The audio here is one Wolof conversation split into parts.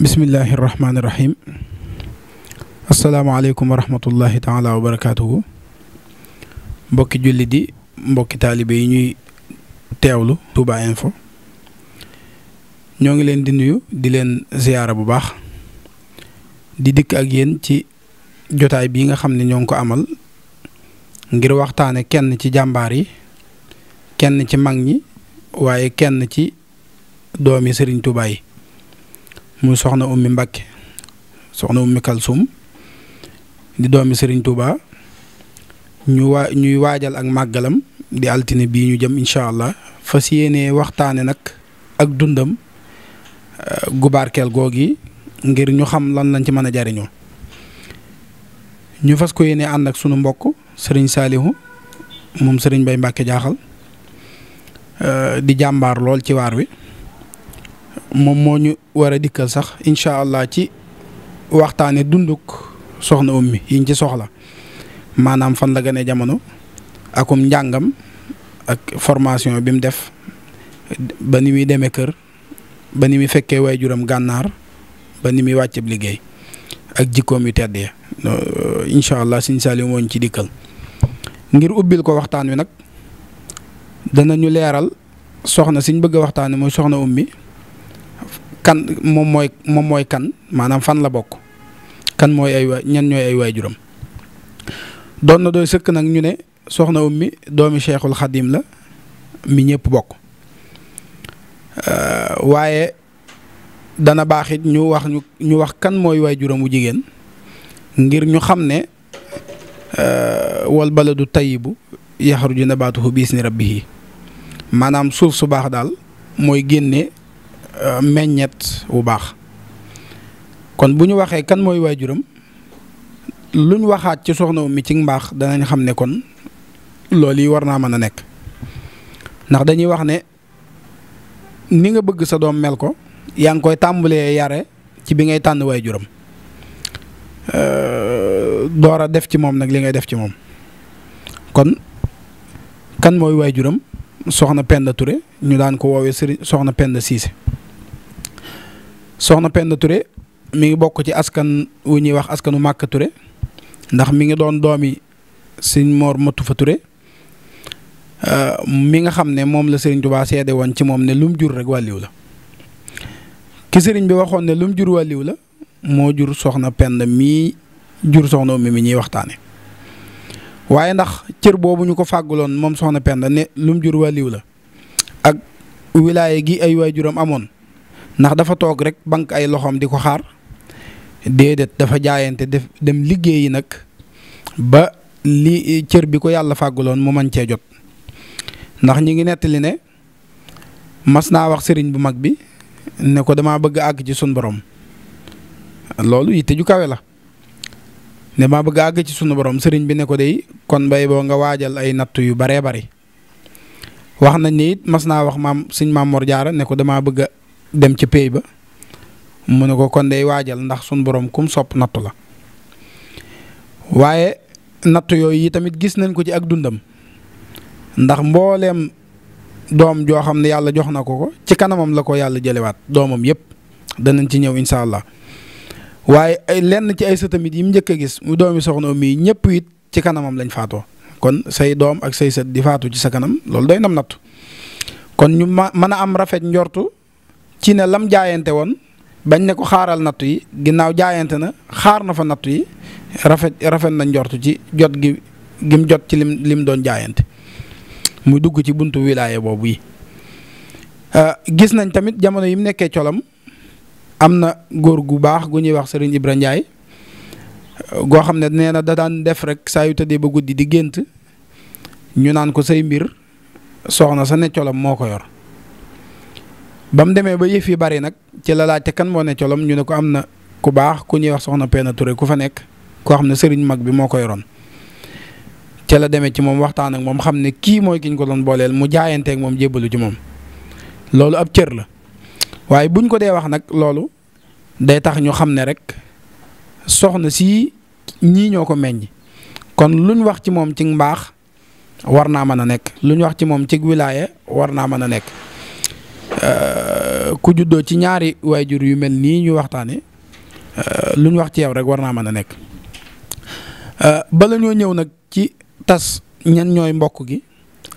bismillahi rahmaani rahim asalaamaaleykum wa rahmatullahi taala wa mbokki julli di mbokki taalibe yi ñuy teewlu Touba Info ñoo ngi leen di nuyu di leen ziyaara bu baax di dikk ak yéen ci jotaay bii nga xam ne ñoo ngi ko amal ngir waxtaane kenn ci jàmbaar yi kenn ci mag ñi waaye kenn ci doomi sëriñ Touba yi muy soxna ummi Mbàkke soxna ummi Kalsum di doomi sëriñ Touba ñu waajal ak màggalam di altine bii ñu jëm incha allah fas yéene waxtaane nag ak dundam euh, gu barkeel googi ngir ñu xam lan lañ ci mën a jariñoo ñu fas ko yéene ànd ak sunu mbokk sëriñ Saalihu moom sëriñ Bay Mbàkke jaaxal euh, di jàmbaar lool ci waar wi moom moo ñu war a dikkal sax incha allah ci waxtaane dunduk soxna ummi yiñ ci soxla maanaam fan la gane jamono akum njàngam ak formation bi mu def ba ni muy demee kër ba ni muy fekkee way waajuram gànnaar ba ni muy wàcceb liggéey ak jikkoom yu tedd ya euh, incha allah sëñ Saliou moo ñu ci dikkal ngir ubbil ko waxtaan wi nag danañu leeral soxna siñ bëgg a waxtaane mooy soxna ummi kan moom mooy moom mooy kan maanaam fan la bokk kan mooy ay waay ñan ñooy ay waajuram doon na dooy sëkk nag ñu ne soxna ummi doomi Cheikhul Xadim la mi ñëpp bokk euh, waaye dana baaxit ñu wax ñu ñu wax kan mooy waajuram wu jigéen ngir ñu xam ne euh, wal baladu tayyibu yaxruju nabaatuhu bi isni rabbihi maanaam suuf su baax daal mooy génne Euh, meññet wu baax kon bu ñu waxee kan mooy waajuram lu ñu waxaat ci soxna mi ci mbaax danañ xam ne kon loolu yi war naa mën a nekk ndax dañuy wax ne ni nga bëgg sa doom mel ko yaa ngi koy tàmbalee yare ci bi ngay tànn waajuram euh, door a def ci moom nag li ngay def ci moom kon kan mooy waay waajuram soxna Penda Touré ñu daan ko woowee sëriñ soxna Penda Cissé soxna Penda Touré mi ngi bokk ci askan wu ñuy wax askanu Màkka Touré ndax mi ngi doon doomi sëñ Mor Matufa Touré mi nga xam ne moom la sëriñ Tuubaa seede woon ci moom ne lum jur rek wàlliw la ki bi waxoon ne lum jur wàlliw la moo jur soxna Penda mii jur soxna mi mi ñuy waxtaane waaye ndax cër boobu ñu ko fàgguloon moom soxna Penda ne lum jur wàlliw la ak wilaaye gi ay waajuram amoon ndax dafa toog rek bank ay loxoom di ko xaar déedéet dafa jaayante def dem liggéeyi nag ba li cër bi ko yàlla fàgguloon mu mën cee jot ndax ñi ngi nettali ne mas naa wax sëriñ bu mag bi ne ko damaa bëgg àgg ci sunu boroom loolu yitte ju kawe la damaa bëgg àgg ci sunu borom sëriñ bi ne ko dey kon bay boo nga waajal ay natt yu baree bari wax nañ ni it mas naa wax maam suñ maam Mor Jaara ne ko damaa bëgg dem ci pay ba mu ne ko kon day waajal ndax sun boroom kum sopp nattu la waaye nattu yooyu yi tamit gis nañ ko ci ak dundam ndax mbooleem doom joo xam ne yàlla jox na ko ko ci kanamam la ko yàlla jëlewaat doomam yépp danañ ci ñëw incha allah waaye ay lenn ci ay sëtamit yi mu njëkk a gis mu doomi soxna mii ñëpp it ci kanamam lañ faatoo kon say doom ak say sët di faatu ci sa kanam loolu doy nam nattu kon ñu mën a am rafet njortu ci ne lam jaayante woon bañ ne ko xaaral nattu yi ginnaaw jaayante na xaar na fa nattu yi rafet rafet na njortu ci jot gi gim jot ci lim lim doon jaayante mu dugg ci buntu wilaaye boobu yi euh, gis nañ tamit jamono yi mu nekkee colam am na góor gu baax gu ñuy wax Serigne Ibra Ndiaye goo xam ne nee na da daan def rek saa yu tëddee ba guddi di gént ñu naan ko say mbir soxna sa ne colam moo ko yor ba mu demee ba yëf yi bari nag ci la laajte kan moo ne colom ñu ne ko am na ku baax ku ñuy wax soxna Penda Touré ku fa nekk koo xam ne sëriñ mag bi moo ko yoroon ca la demee ci moom waxtaan ak moom xam ne kii mooy ki ñu ko doon booleel mu jaayanteek moom jébbalu ci moom loolu ab cër la waaye buñ ko dee wax nag loolu day tax ñu xam ne rek soxna si ñii ñoo ko meññ kon luñ wax ci moom ci mbaax war naa mën a nekk lu ñu wax ci moom cig wilaaya war naa mën a nekk. Euh, ku juddoo ci ñaari waajur yu mel nii ñu waxtaane euh, lu ñu wax ci yow rek war naa mën a nekk euh, bala ñoo ñëw nag ci tas ñan ñooy mbokk gi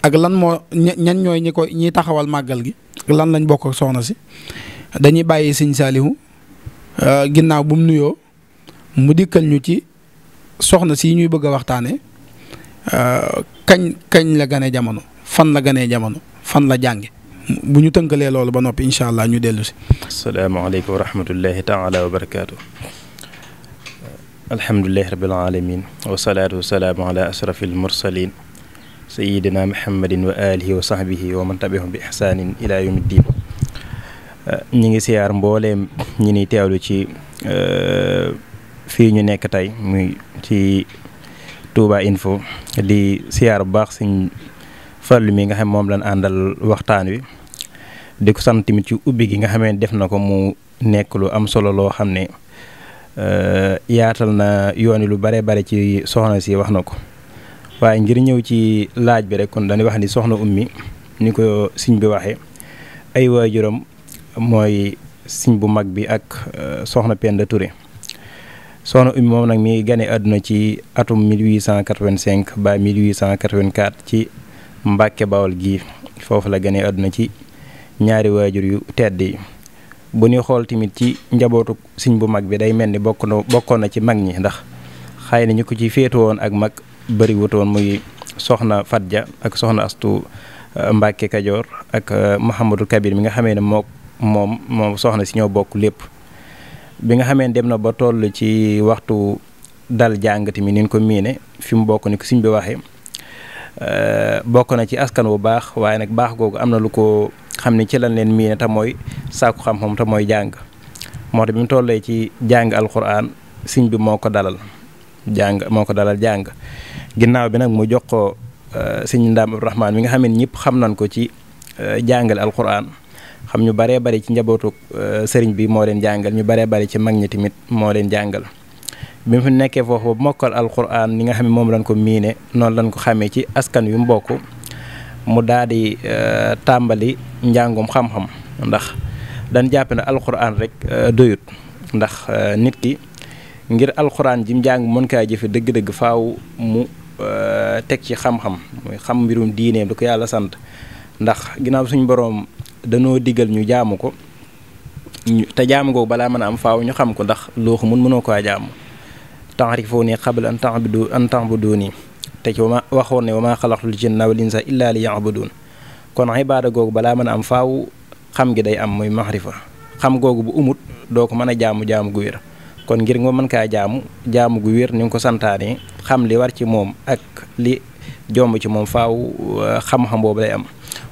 ak lan moo ñan ñooy ñi ko ñiy taxawal màggal gi lan lañ bokk ak soxna si dañuy bàyyi sëñ Saalihu ginnaaw bu nuyoo mu dikkal ñu ci soxna si ñuy bëgg a waxtaane kañ kañ la gane jamono fan la ganee jamono fan la jànge bu ñu tënkalee loolu ba noppi incha allah ñu dellu si. asalaamaaleykum wa rahmatullahi taala wa barakaatu. alhamdulilahi rabil aalamiin wasalaatu wasalaamu ala asrafil mursaliin sayidina muhammadin wa alihi wa sahbihi wa man bi ihsaanin ila yawmi ñi ngi siyaar mbooleem ñi ni teewlu ci eh, fii ñu nekk tey muy ci Touba Info di siyaar bu baax suñ Fallu mi nga xam moom lañ àndal waxtaan wi di ko sant tamit ci ubbi gi nga xamee def na ko mu nekk lu am solo loo xam ne euh, yaatal na yoon lu bare bare ci soxna si wax na ko waaye ngir ñëw ci laaj bi rek kon dañuy wax ni soxna ummi ni ko siñ bi waxee ay waajuram mooy siñ bu mag bi ak euh, soxna Penda Touré soxna ummi moom nag mi ngi gane àdduna ci atum 1885 ba 1884 ci Mbàkke Bawol gii foofu la gane àdduna ci ñaari waajur yu tedd yi bu ñuy xool tamit ci njabootu sëñ bu mag bi day mel ni bokk na bokkoon na ci mag ñi ndax xëy nañu ko ci féetu woon ak mag bëri wutoon muy soxna ja ak soxna Astu euh, Mbàkke Kajoor ak euh, Mouhamadou Kabir mi nga xamee ne moo moom moom soxna si ñoo bokk lépp bi nga xamee ne dem na ba toll ci waxtu dal jàng tamit niñ ko miine fi mu bokk ni ko sëñ bi waxee Euh, bokk na ci askan wu baax waaye nag baax googu am na lu ko xam ne ci lañ leen miine tam mooy sàkku xam-xam te mooy jàng moo tax bi mu tollee ci jàng alxuraan siñ bi moo ko dalal jàng moo ko dalal jàng ginnaaw bi nag mu jox ko euh, siñ ndaam Abdourahmaan mi nga xam ne ñëpp xam nañ ko ci euh, jàngale alxuraan xam ñu baree bari ci njabootu sëriñ bi moo leen jàngal ñu baree bari ci mag ñi tamit moo leen jàngal. bi mu fi nekkee foofu mokkal alquran ni nga xam ne moom lañ ko miine noonu lañ ko xamee ci askan yu mu bokk mu daal di euh, tàmbali njàngum xam-xam ndax dañ jàpp ne alquran rek euh, doyut ndax euh, nit ki ngir alxuraan ji mu jàng mën kaa jëfe dëgg-dëgg faaw mu teg ci xam-xam muy xam mbirum diineem di ko yàlla sant ndax ginnaaw suñu boroom danoo digal ñu jaamu ko te jaamu googu balaa mën a am faaw ñu xam ko ndax looxu mën mënoo ko jàmm taarifuuni qabla an tabudu an tabuduuni te ci wama waxoon ne wama xalaqtul jinna wal insa illa li yabudun kon ibaada googu balaa mën a am faaw xam gi day am muy maxrifa xam googu bu umut doo ko mën a jaamu jaamu gu wér kon ngir nga mën kaa jaamu jaamu gu wér ni nga ko santaane xam li war ci moom ak li jomb ci moom faaw euh, xam-xam boobu day am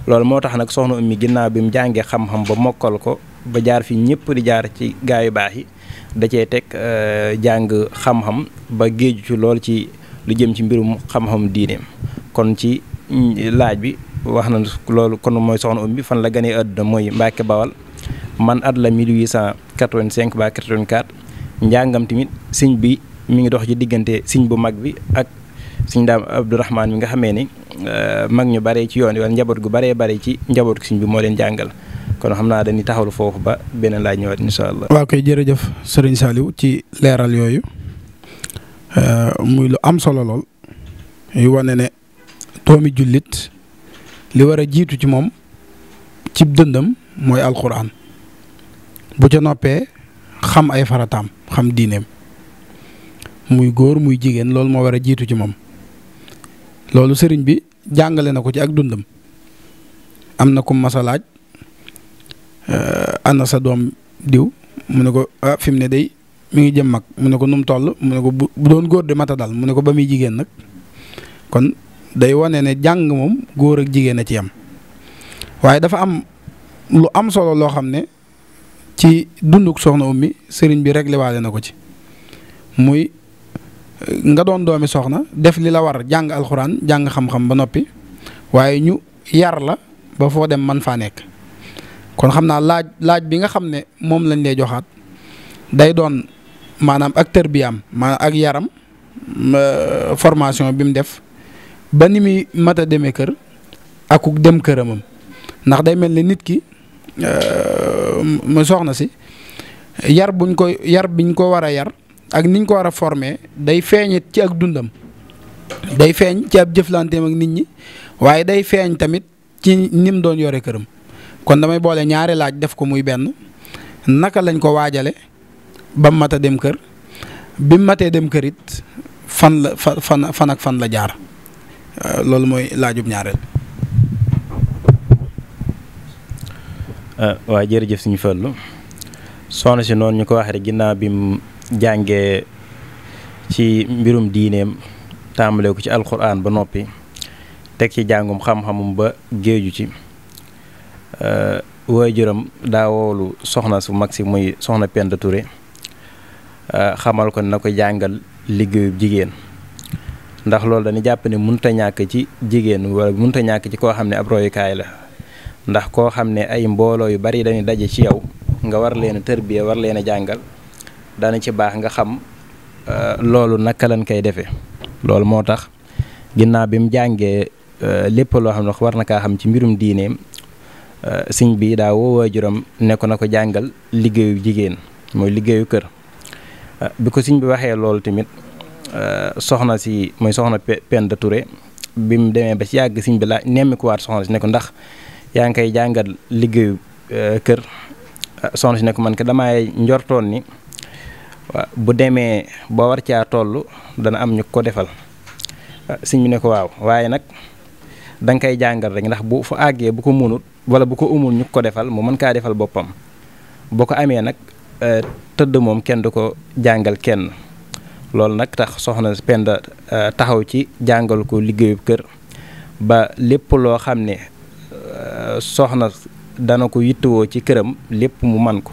loolu moo tax nag soxna ummi ginnaaw bi mu jàngee xam-xam ba mokkal ko ba jaar fi ñëpp di jaar ci gaa yu baax yi da cee teg euh, jàng xam-xam ba géeju ci lool ci lu jëm ci mbirum xam-xam diineem kon ci laaj bi wax na loolu kon mooy soxna um bi fan la ganee àdduna mooy Mbàkke Bawal man at la 1885 ba 84 njàngam tamit sëñ bi mu ngi dox ci diggante siñ bu mag bi ak sëñ daam Abdourahman mi nga xamee ni euh, mag ñu bare ci yoon wi wala njaboot gu bare bare ci njaboot sëñ bi moo leen jàngal kon xam naa dañuy taxawlu foofu ba beneen laaj ñëwaat incha allah. waaw kay jërëjëf sëriñ Saliou ci leeral yooyu euh, muy lu am solo lool yu wane ne toomi jullit li war a jiitu ci moom cib dëndam mooy alquran bu ca noppee xam ay farataam xam diineem muy góor muy jigéen loolu moo war a jiitu ci moom loolu sëriñ bi jàngale na ko ci ak dundam am na ko masalaaj Euh, ana sa doom diw mu ne ko ah fi mu ne day mu ngi jëm mag mu ne ko nu mu toll mu ne ko bu doon góor di mata dal mu ne ko ba muy jigéen nag kon day wane ne jàng moom góor ak jigéen a ci yam waaye dafa am lu am solo loo xam ne ci dunduk soxna ummi sëriñ bi réglé waale na ko ci muy euh, nga doon doomi soxna def li la war jàng alxuraan jàng xam-xam ba noppi waaye ñu yar la ba foo dem man faa nekk kon xam naa laaj laaj bi nga xam ne moom lañ lay joxaat day doon maanaam ak am maanaam ak yaram formation bi mu def ba ni muy mat a demee kër akuk dem këramam ndax day mel ni nit ki euh, mu soxna si yar buñ ko yar biñ ko war a yar ak niñ ko war a former day feeñit ci ak dundam day feeñ ci ab jëflanteem ak nit ñi waaye day feeñ tamit ci nim doon yore këram. kon damay boole ñaari laaj def ko muy benn naka lañ ko waajale ba mu mat a dem kër bi mu matee dem kër it fan la fan ak fan la jaar euh, loolu mooy laajub ñaareel. Euh, waaw jërëjëf suñu Fallu soxna si noonu ñu ko waxee rek ginnaaw bi mu jàngee ci mbirum diineem tàmbale ko ci alxuraan ba noppi teg ci jàngum xam-xamum ba géeju ci. Euh, waajuram daa woolu soxna su mag si muy soxna Penda Touré euh, xamal ko na ko jàngal liggéeyu jigéen ndax loolu dañu jàpp ne mënut a ñàkk ci jigéen wala mënut a ñàkk ci koo xam ne ab royukaay la ndax koo xam ne ay mbooloo yu bari dañuy daje ci yow nga war leen a tërbiya war leen a jàngal dana ci baax nga xam euh, loolu naka lañ koy defee loolu moo tax ginnaaw bi mu jàngee lépp loo xam ne war na kaa xam ci mbirum diineem Euh, sëñ bi daa woo waajuram ne na ko jàngal liggéeyu jigéen mooy liggéeyu kër euh, bi ko sëñ bi waxee loolu tamit euh, soxna si mooy soxna Penda Touré bi mu demee ba ci yàgg sëñ bi laa nemmikuwaat soxna si ne ndax yaa ngi koy jàngal liggéeyu kër soxna si ne ko man ko damay njortoon ni bu demee ba war caa toll dana am ñu ko defal sëñ bi ne ko waaw waaye nag da nga koy jàngal rek ndax bu fu àggee bu ko munut wala bu ko umul ñu ko defal mu mën kaa defal boppam boo ko amee nag euh, tëdd moom kenn du ko jàngal kenn loolu nag tax soxna Penda euh, taxaw ci jàngal ko liggéeyub kër ba lépp loo xam ne euh, soxna dana ko yittewoo ci këram lépp mu man ko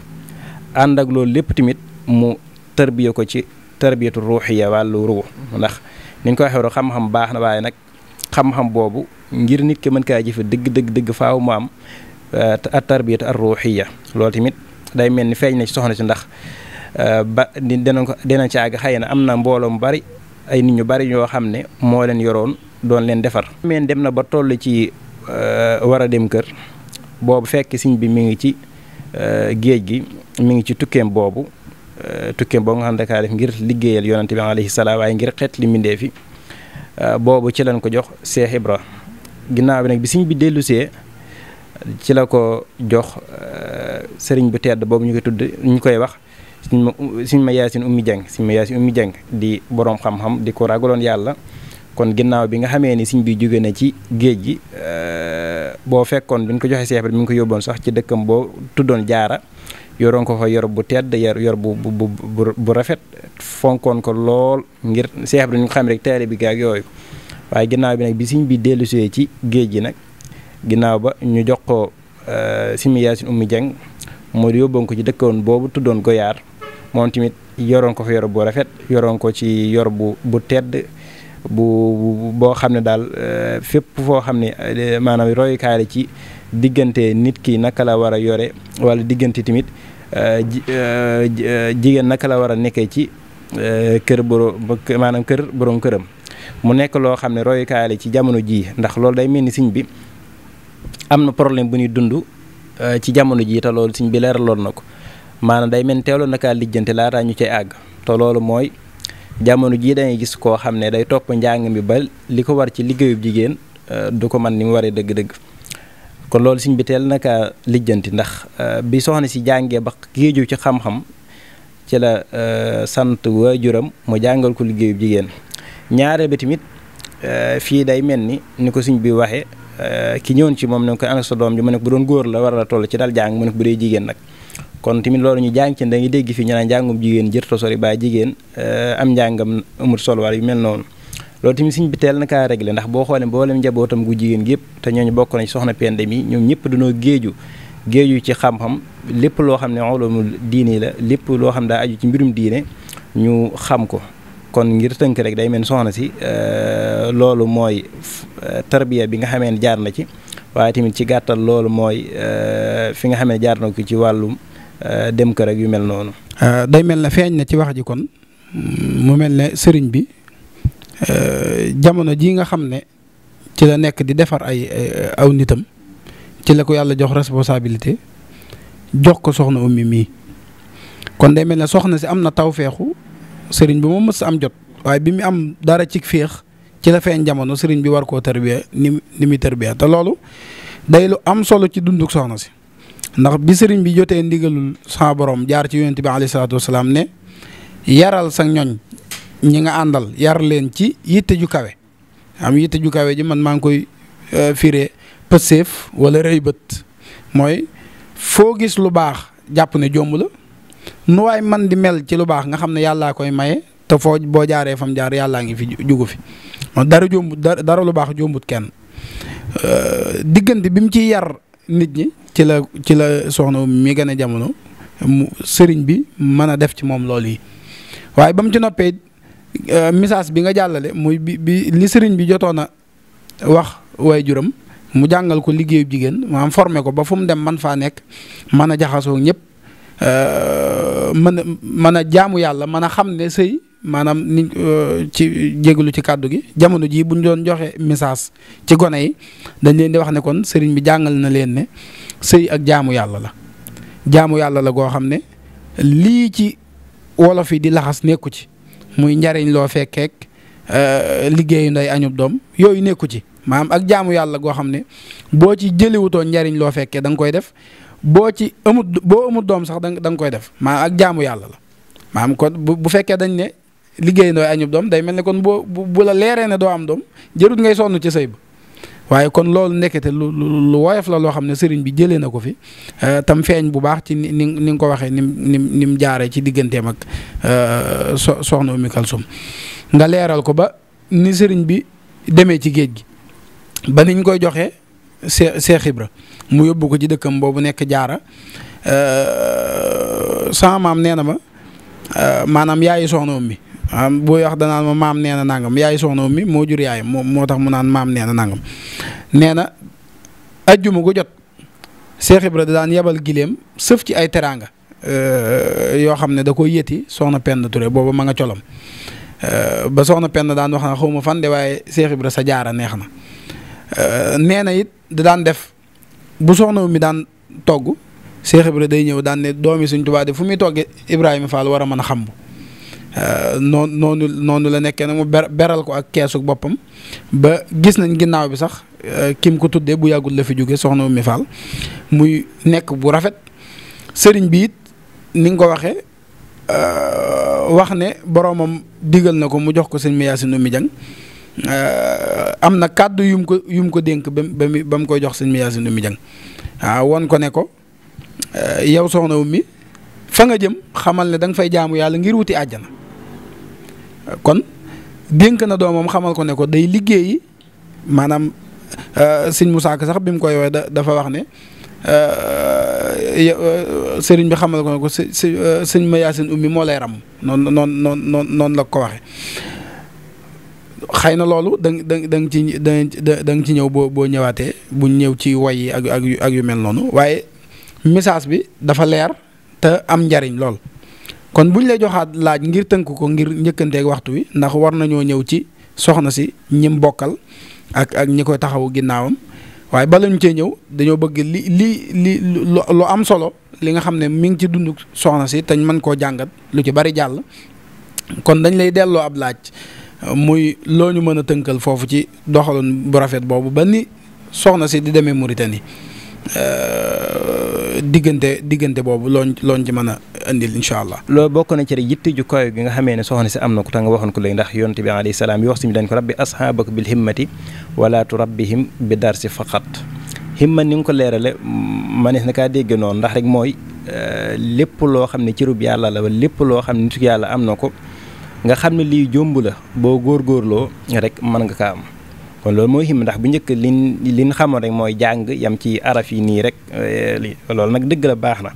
ànd ak loolu lépp tamit mu tërbiya ko ci tërbiyatu ruuxiya wàllu ruux ndax niñ ko waxee xam-xam baax na waaye nag xam-xam boobu ngir nit ki mën kaa jëfe dëgg dëgg dëgg faaw mu am euh, at tarbiyatu ar ruuxiya loolu tamit day mel ni feeñ na ci soxna si ndax euh, ba dinañ ko dinañ ci àgg xëy na am na mbooloo mu bari ay nit ñu bari ñoo xam ne moo leen yoroon doon leen defar. meen dem na ba toll ci euh, war a dem kër boobu fekk siñ bi mu ngi ci géej gi mu ngi ci tukkeem boobu tukkeem boobu nga xam ne def ngir liggéeyal yonante bi alayhi salaam waaye ngir xeet li mbindee boobu ci lañ ko jox Cheikh Ibra ginnaaw bi nag bi sëñ bi dellusee ci la ko jox euh, sëriñ bu tedd boobu ñu koy tudd ñu koy wax suñ ma suñ ma yaasin ummi jeng suñ ma yaasin ummi jeng di boroom xam-xam di ko ragaloon yàlla kon ginnaaw bi nga xamee ni sëñ bi jóge na ci géej gi euh, boo fekkoon bi ñu ko joxee Cheikh Ibra mi ngi ko yóbboon sax ci dëkkam boo tuddoon jaara yoroon ko fa yor bu tedd yor yor bu bu bu rafet fonkoon ko lool ngir Cheikh Ibrahima ñu xam rek teele bi gaak yooyu waaye ginnaaw bi nag bi siñ bi dellusee ci géej gi nag ginnaaw ba ñu jox ko euh, simi yaasin ummi jeng moo yóbboon ko ci dëkkoon boobu tuddoon goyaar moom tamit yoroon ko fa yor bu rafet yoroon ko ci yor bu bu tedd bu boo xam ne daal euh, fépp foo xam ne euh, maanaam royukaay ci diggante nit ki naka la war a yore wala diggante tamit euh, euh, euh, jigéen naka la war a nekkee ci kër borom maanaam kër borom këram mu nekk loo xam ne royukaay ci jamono jii ndax loolu day mel ni siñ bi am na problème bu ñuy dund ci jamono jii te loolu siñ bi leeraloon na ko maanaam day mel ni teeloon na kaa lijjante laataa ñu cay àgg te loolu mooy jamono jii dangay gis koo xam ne day topp njàng mi ba li ko war ci liggéeyub jigéen du ko man ni mu waree dëgg-dëgg. kon loolu sëñ bi teel na lijjanti ndax euh, bi soxna si jàngee ba géeju ci xam-xam ci la euh, sant waajuram mu jàngal ko liggéeyu jigéen ñaare bi tamit euh, fii day mel ni ni ko sëñ bi waxee ki ñëwoon ci moom ne ko ana sa doom ji mu ne ko bu doon góor la war a toll ci daal jàng mu ne ko bu dee jigéen nag. kon tamit loolu ñu jàng ci da ngay dégg fii ñu naan njàngum jigéen jërta sori baa jigéen am njàngam amul solo wala yu mel noonu. loolu tamit sëñ bi teel na kaa réglé boo xoolee mboolem njabootam gu jigéen gi yëpp te ñooñu bokk nañ soxna Penda mi ñoom ñëpp dañoo géeju géeju ci xam lépp loo xam ne ulumul diine la lépp loo xam daa aju ci mbirum diine ñu xam ko kon ngir tënk rek day mel soxna si euh, loolu mooy euh, tarbiya bi nga xamee ne jaar na ci waaye tamit ci gàttal loolu mooy euh, fi nga xamee jaar na ko ci wàllu dem kër rek yu mel noonu. day mel na feeñ na ci wax ji kon mu mel ne sëriñ bi. Euh, jamono jii nga xam ne ci la nekk di defar ay euh, aw nitam ci la ko yàlla jox responsabilité jox ko soxna ummi mii kon day mel ne soxna si am na taw feexu sëriñ bi moom mës am jot waaye bi mu am dara cig féex ci la feeñ jamono sëriñ bi war ko tarbiya ni ni muy tarbiya te loolu day lu am solo ci dunduk soxna si ndax bi sëriñ bi jotee ndigalul sa borom jaar ci yonent bi alayhi salaatu wasalaam ne yaral sa ñoñ ñi nga àndal yar leen ci yitte ju kawe am yitte ju kawe ji man maa ngi koy euh, firee pëseef wala rëy bët mooy foo gis lu baax jàpp ne jomb la nu waay man di mel ci lu baax nga xam ne yàllaa koy maye te foo boo jaaree fam jaar yàllaa ngi fi jugu fi dara jomb dara lu baax jombut kenn euh, diggante bi mu ci yar nit ñi ci la ci la soxna mi gën a jamono mu sëriñ bi mën a def ci moom loolu yi waaye ba mu ci noppee Euh, message bi nga jàllale muy bi bi li sëriñ bi jotoon a wax waaye juram mu jàngal ko liggéeyu jigéen maanaam formé ko ba fu mu dem man faa nekk mën a jaxasoo ñëpp euh, mën a a jaamu yàlla mën a xam ne sëy maanaam ni euh, ci jégalu ci kàddu gi jamono jii buñ doon joxe message ci gone yi dañ leen di wax ne kon sëriñ bi jàngal na leen ne sëy ak jaamu yàlla la jaamu yàlla la goo xam ne lii ci wolof yi di laxas nekku ci muy njariñ loo fekkeek euh, liggéeyu nday añub doom yooyu nekku ci maanaam ak jaamu yàlla goo xam ne boo ci jëliwutoo njariñ loo fekkee danga koy def boo ci ëmut boo amut doom sax da nga koy def maanaam ak jaamu yàlla la maanaam kon bu fekkee dañ ne liggéey ndooy añub doom day mel ne kon boo bu la leeree ne doo am doom jërut ngay sonn ci sëy ba waaye kon loolu nekkete lu woyof la loo xam ne sëriñ bi jëlee na ko fi euh, tam feeñ bu baax ci ni ni nga ko waxee nim nim ni mu jaaree ci digganteem ak euh, so soxna Oumy Kalsoum nga leeral ko ba ni sëriñ bi demee ci géej gi ba niñ koy joxee see Seex Ibra mu yóbbu ko ci dëkkam boobu nekk jaara euh, sama maam nee na ma maanaam yaayu soxna Oumy ah booy wax ma maam nee na nangam yaay soxna mi moo jur yaay moo tax mu naan maam neena na nangam nee na ajjuma gu jot Cheikh Ibra da daan yebal gileem sëf ci ay teraanga euh, yoo xam ne da koy yëti soxna Penda Touré booba ma nga colam euh, ba soxna Penda daan wax na xaw ma fan de waaye Cheikh Ibra sa jaar a neex na euh, nee na it da daan def bu soxna mi daan togg Cheikh Ibra day ñëw daan ne doomi Sëñ Tuubaa de fu muy toggee Ibrahima Fall war a mën a xam. Euh, noonu noonu noonu la nekkee nag mu beral ko ak keesu boppam ba gis nañ ginnaaw bi sax euh, ki mu ko tuddee bu yàggul la fi jóge soxna Oumy Fall muy nekk bu rafet sëriñ bi it ni nga ko waxee euh, wax ne boromam digal na ko mu jox ko sëñ Mayacine Oumy Dieng am na kàddu yum ko yum ko dénk ba mu ba mu koy jox sëñ Mayacine Oumy Dieng waaw ah, won ko ne ko yow soxna Oumy fa nga jëm xamal ne da fay jaamu yàlla ngir wuti àjjana. kon dénk na doomam xamal ko ne ko day liggéeyi maanaam euh, sëñ Moussa Ka sax bi mu koy da dafa wax ne euh, euh, sëriñ bi xamal ko ne ko sëñ ma yaasin ummi moo lay ram noonu noonu noonu noonu la ko waxee. xëy na loolu da da da ci da ci ñëw boo boo ñëwaatee buñ ñëw ci woy yi ak ak yu ak yu mel noonu waaye message bi dafa leer te am njariñ lool. kon bu ñu lay joxaat laaj ngir tënk ko ngir njëkkanteeg waxtu wi ndax war nañoo ñëw ci soxna si ñim bokkal ak ak ñi koy taxawu ginnaawam waaye bala ñu cee ñëw dañoo bëgg li li li lu am solo li nga xam ne mi ngi ci dund soxna si te ñu mën koo jàngat lu ci bari jàll. kon dañ lay delloo ab laaj muy loo ñu mën a tënkal foofu ci doxaloon bu rafet boobu ba ni soxna si di demee Mauritanie. Euh, diggante diggante boobu looñ looñ ci mën a indil incha allah. loolu bokk na cere rek yitte ju kaw gi nga xamee ne soxna si am na ko tax nga waxoon ko léegi ndax yonent bi alayhi salaam yi wax suñu dañ ko rabbi asxaabaka bil himmati wala turabbihim bi dar si faqat himma ni nga ko leerale manees na kaa dégg noonu ndax rek mooy euh, lépp loo xam ne cirub yàlla la lépp loo xam ne nitu yàlla am na ko nga xam ne lii jomb la boo góorgóorloo rek mën nga ko am. kon loolu mooy himma ndax bu njëkk liñ liñ xamoon rek mooy jàng yam ci araf yi nii rek eh, loolu nag dëgg la baax na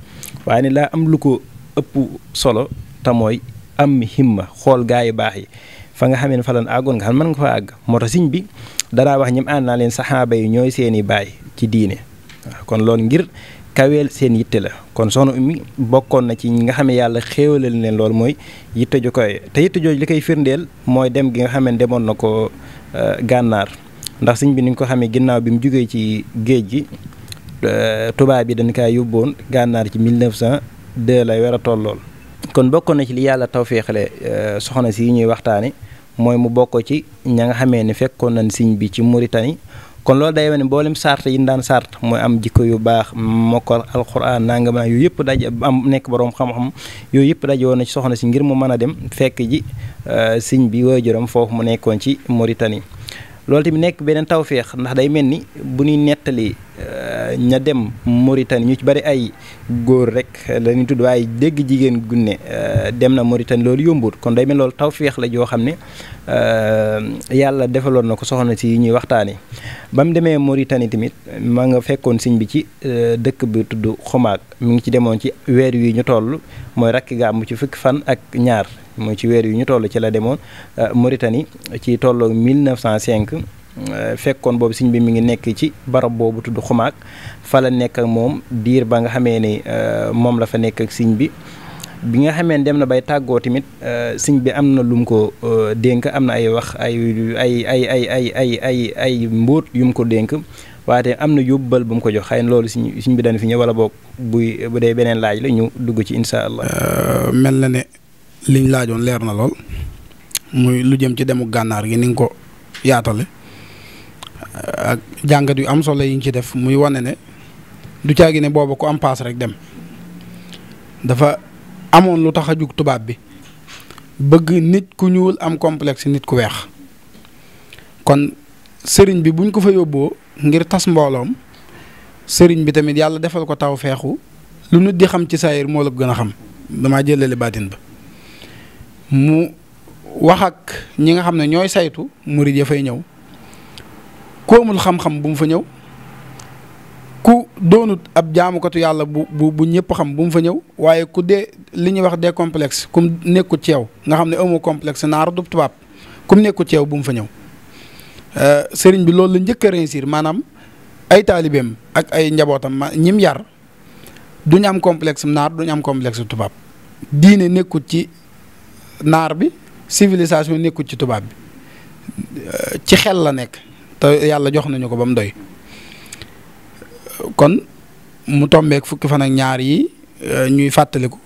waaye ne laa am lu ko ëpp solo te mooy am himma xool gaa yu baax yi fa nga xamee ne fa lan àggoon nga xam mën nga fa àgg moo tax bi daraa wax ñim ànd naa leen saxaaba yi ñooy seeni baay ci diine kon loolu ngir kaweel seen yitte la kon soxna Oumy bokkoon na ci ñi nga xam ne yàlla xéewalal leen loolu mooy yitte ju koy te yitte jooju li koy firndeel mooy dem gi nga xam ne demoon na ko Euh, gànnaar ndax sëñ bi ni nga ko xamee ginnaaw bi mu jugee ci géej gi euh, tubaab bi dañ kaa yóbboon gànnaar ci 1902 lay war a tollool. kon bokkoon na ci li yàlla tawféexale euh, soxna si yi ñuy waxtaane mooy mu bokk ci ña nga xamee ni fekkoon nañ siñ bi ci Mauritanie. kon loolu day wane mboolem sart yi ñu daan sart mooy am jikko yu baax mokkal alxuraan nangam naa yooyu yëpp daj am nekk boroom xam-xam yooyu yëpp daj woon na ci soxna si ngir mu mën a dem fekk ji euh, sëñ bi waajuram foofu mu nekkoon ci Mauritanie loolu tamit nekk beneen tawféex ndax day mel ni bu nuy nettali euh, ña dem Mauritanie ñu ci bari ay góor rek lañuy tudd waaye dégg jigéen gunne euh, dem na Mauritanie loolu yombut kon day mel loolu tawféex la joo xam ne euh, yàlla defaloon na ko soxna si yi ñuy waxtaanee. ba mu demee Mauritanie tamit ma nga fekkoon siñ bi ci dëkk bi tudd xumaag mu ngi ci demoon ci weer wii ñu toll mooy rakki gàmmu ci fukki fan ak ñaar. mooy ci weer yu ñu toll ci la demoon euh, Mauritanie ci cent 1905 euh, fekkoon boobu sëñ bi mi ngi nekk ci barab boobu tudd xumaak fa la nekk ak moom diir ba nga xamee ne euh, moom la fa nekk ak siñ bi bi nga xamee ne dem na bay tàggoo tamit sëñ bi am na lum ko dénk am na ay wax ay ay ay ay ay ay ay ay mbóot yum ko dénk waaye am na yóbbal bu mu ko jox xëy na loolu sëñ sëñ bi dañ fi ñëw wala boog buy bu dee beneen laaj la ñu dugg ci insha allah. mel na ne. liñ laajoon leer na lool muy lu jëm ci demu gànnaar gi ni nga ko yaatale ak jàngat yu am solo yi nga ci def muy wane ne du caagi ne booba ku am paas rek dem dafa amoon lu tax a jug tubaab bi bëgg nit ku ñuul am complexe nit ku weex kon sëriñ bi buñ ko fa yóbboo ngir tas mbooloom sëriñ bi tamit yàlla defal ko taw feexu lu nit di xam ci saayir moo la gën a xam damaa jëlale baatin ba mu wax ak ñi nga xam ne ñooy saytu murid ya fay ñëw koomul xam-xam bu mu fa ñëw ku doonut ab jaamukatu yàlla bu bu bu ñëpp xam bu mu fa ñëw waaye ku dee li ñuy wax décomplexe ku nekkut ci yow nga xam ne amoo complexe naar du tubaab ku nekkut ci bu mu fa ñëw. Euh, sëriñ bi loolu la njëkk a réussir maanaam ay taalibeem ak ay njabootam ñim yar duñ am complexe naar duñ am complex tubaab diine nekkut ci. naar bi civilisation nekkul ci tubaab bi euh, ci xel la nekk te yàlla jox nañu ko ba mu doy kon mu tombeek fukki fan ak ñaar yi euh, ñuy fàttaliku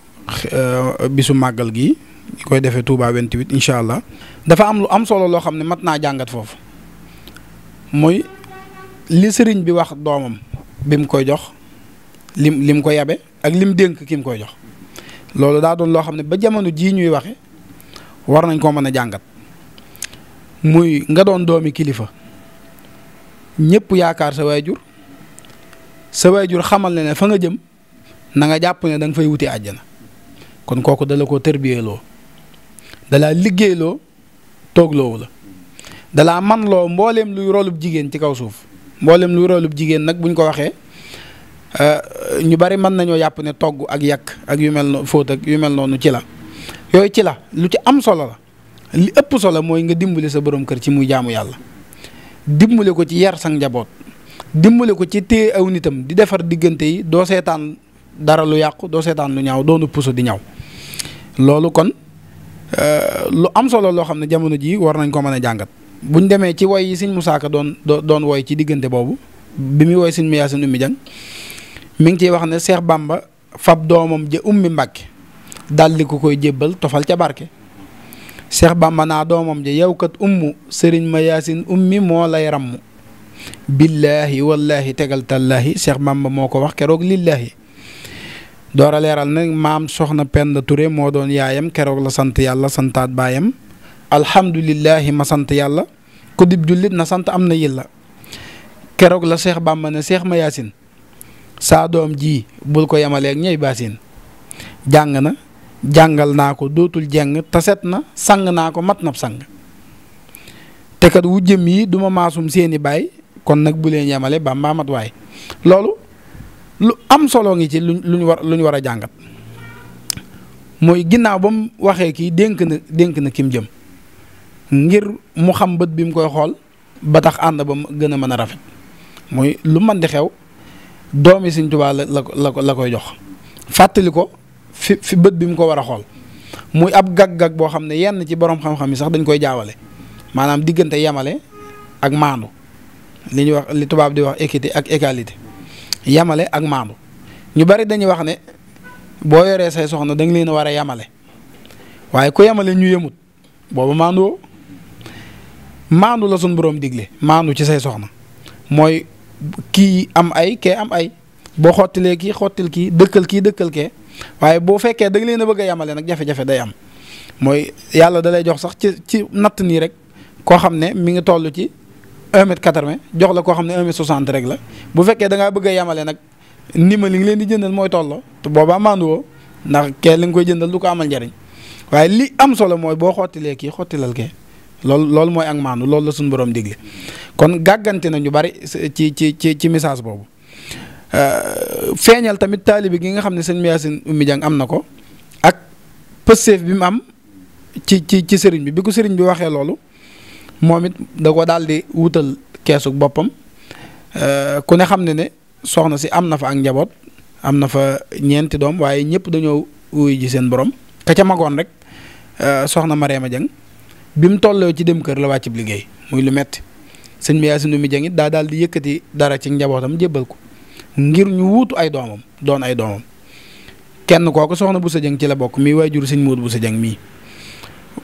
euh, bisu màggal gi ñu koy defee Touba 28 incha allah dafa am lu am solo loo xam ne mat naa jàngat foofu muy li sëriñ bi wax doomam bi mu koy jox li mu ko yabe ak li mu dénk ki mu koy jox loolu daa doon loo xam ne ba jamono jii ñuy waxe war nañ koo mën a jàngat muy nga doon doomi kilifa ñëpp yaakaar sa waajur sa waajur xamal na ne fa nga jëm nanga jàpp ne da fay wuti àjjana kon kooku dala ko koo tërbiyeeloo dalaa toog toogloowu la dalaa man loo mbooleem luy roolub jigéen ci kaw suuf mbooleem luy roolub jigéen nag buñ ko waxee euh, ñu bari mën nañoo yàpp ne togg ak yàq ak yu mel no fóot ak yu mel noonu ci la yooyu ci la lu ci am solo la li ëpp solo mooy nga dimbali sa borom kër ci muy jaamu yàlla dimbali ko ci yar sang njaboot dimbali ko ci téye aw nitam di defar diggante yi doo seetaan dara lu yàqu doo seetaan lu ñaaw doonu puso di ñaw loolu kon euh, lu am solo loo xam ne jamono jii war nañ ko mën a jàngat bu ñu demee ci woy yi sëñ Musaa Ka doon doon woy ci diggante boobu bi muy woy sëñ Mayacine Oumy Dieng mu ngi ciy wax ne Seex Bàmba fab doomam ja ummi Mbàkke daal di ko koy jébbal tofal ca barke Cheikh Bamba naa doomam ja yow kat ummu sëriñ ma yaasin ummi moo lay ramm billaahi wallaahi tegal tallaahi Cheikh Bamba moo ko wax keroog lillaahi door a leeral na maam soxna Penda Touré moo doon yaayam keroog la sant yàlla santaat baayam alhamdulillahi ma sant yàlla ku dib jullit na sant am na yilla keroog la Cheikh Bamba ne Cheikh ma yaasin saa doom ji bul ko yemaleeg ñey baasin jàng na jàngal naa ko dootul jeng taset na sang naa ko mat nab sang te kat wu jëm yi duma maasum seeni baay kon nag bu leen yemale baa mat waay loolu lu am solo ngi ci luñ luñ lu luñ war a jàngat mooy ginnaaw ba mu waxee kii dénk na dénk na kim jëm ngir mu xam bët bi mu koy xool ba tax ànd ba gën a mën a rafet mooy lu mën di xew doomi Sëñ Tuubaa la la ko la koy jox fàttali ko fi fi bët bi mu ko war a xool muy ab gag-gag boo xam ne yenn ci borom xam-xam yi sax dañ koy jaawale maanaam diggante yamale ak maandu li ñuy wax li tubaab di wax équité ak égalité yamale ak maandu ñu bari dañuy wax ne boo yoree say soxna da nga leen a war a yamale waaye ku yamale ñu yemut boobu maandu maandu la suñ borom digle maandu ci say soxna mooy kii am ay kee am ay boo xottilee kii xottil kii dëkkal kii dëkkal kee. waaye boo fekkee da leen a bëgg a yamale nag jafe-jafe day am mooy yàlla da lay jox sax ci ci natt nii rek koo xam ne mi ngi toll ci un mètre quatre-vingt jox la koo xam ne un mètre soixante rek la bu fekkee da ngaa bëgg a yamale nag ni ma li nga leen di jëndal mooy tolloo te boobaa woo ndax kee li nga koy jëndal du ko amal njariñ waaye li am solo mooy boo xottilee kii xottilal kee loolu loolu mooy ak maandu loolu la suñu borom digle kon gàggante na ñu bari ci ci ci ci message boobu. feeñal tamit taalibi gi nga xam ne sëñ Yacine Oumy Dieng am na ko ak pësteef bi mu am ci ci ci sëriñ bi bi ko sëriñ bi waxee loolu moom it da ko daal di wutal keesug boppam euh, ku ne xam ne ne soxna si am na fa ak njaboot am na fa ñeenti doom waaye ñëpp dañoo wuyu seen borom ka ca magoon rek euh, soxna Mariama Dieng bi mu tolloo ci dem kër la wàccib liggéey muy lu metti sëñ Yacine Oumy Dieng it daa daal di yëkkati dara ci njabootam jébbal ko. ngir ñu wuutu ay doomam doon ay doomam kenn kooku soxna bu sa jëng ci la bokk mii waajur sëñ bu Boussa Dieng mii